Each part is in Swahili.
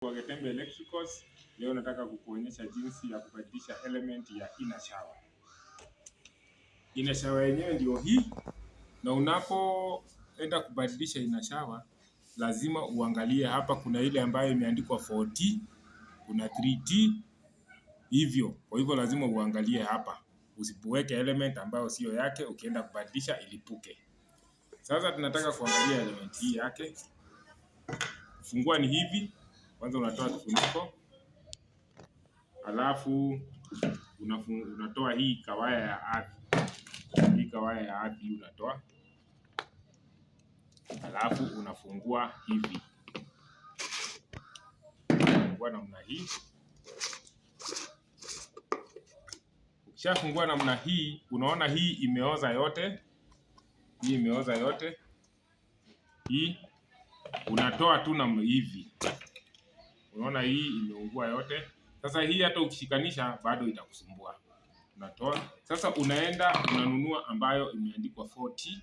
Kwa Getembe Electricals leo nataka kukuonyesha jinsi ya kubadilisha element ya inner shower. Inner shower yenyewe ndio hii, na unapoenda kubadilisha inner shower lazima uangalie hapa, kuna ile ambayo imeandikwa 4T, kuna 3T hivyo. Kwa hivyo lazima uangalie hapa, usipoweke element ambayo siyo yake, ukienda kubadilisha ilipuke. Sasa tunataka kuangalia element hii yake, fungua ni hivi kwanza unatoa kifuniko, alafu unatoa hii kawaya ya ardhi, hii kawaya ya ardhi unatoa, alafu unafungua hivi, unafungua namna hii. Ukishafungua namna hii, unaona hii imeoza yote, hii imeoza yote, hii unatoa tu namna hivi. Unaona hii imeungua yote. Sasa hii hata ukishikanisha bado itakusumbua. Unatoa. Sasa unaenda unanunua ambayo imeandikwa 4T.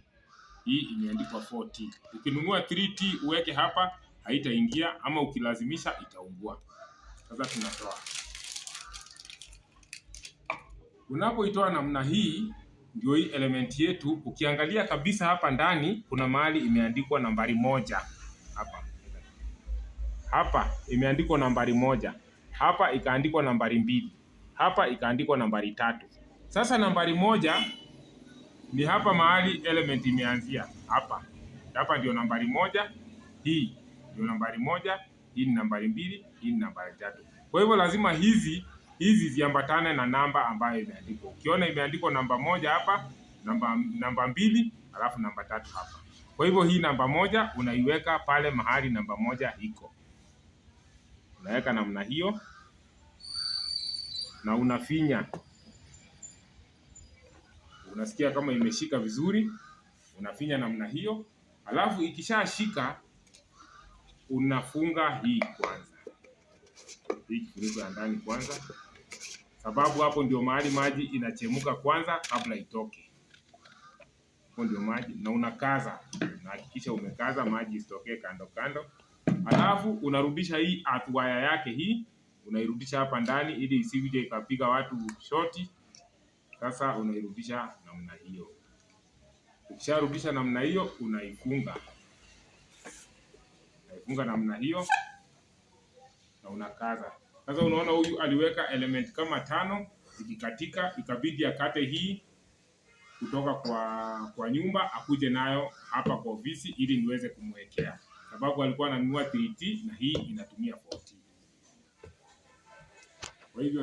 Hii imeandikwa 4T. Ukinunua 3T uweke hapa haitaingia ama ukilazimisha itaungua. Sasa tunatoa. Unapoitoa namna hii ndio hii element yetu. Ukiangalia kabisa hapa ndani kuna mahali imeandikwa nambari moja hapa hapa imeandikwa nambari moja, hapa ikaandikwa nambari mbili, hapa ikaandikwa nambari tatu. Sasa nambari moja ni hapa mahali element imeanzia hapa. Hapa ndio nambari moja, hii ndio nambari moja, hii ni nambari mbili, hii ni nambari tatu. Kwa hivyo lazima hizi hizi ziambatane na namba ambayo imeandikwa. Ukiona imeandikwa namba moja hapa, namba namba mbili, alafu namba tatu hapa. Kwa hivyo hii namba moja unaiweka pale mahali namba moja iko unaweka namna hiyo na unafinya, unasikia kama imeshika vizuri, unafinya namna hiyo. Alafu ikishashika unafunga hii kwanza, hii kifuniko ya ndani kwanza, sababu hapo ndio mahali maji inachemuka kwanza kabla itoke. Hapo ndio maji, na unakaza, unahakikisha umekaza maji isitokee kando kando. Halafu unarudisha hii atwaya yake hii unairudisha hapa ndani ili isije ikapiga watu shoti. Sasa unairudisha namna hiyo. Ukisharudisha namna hiyo unaifunga. Unaifunga namna hiyo na unakaza. Sasa unaona huyu aliweka element kama tano zikikatika ikabidi akate hii kutoka kwa kwa nyumba akuje nayo hapa kwa ofisi ili niweze kumwekea sababu alikuwa ananunua 3T na hii inatumia 4T. Kwa hivyo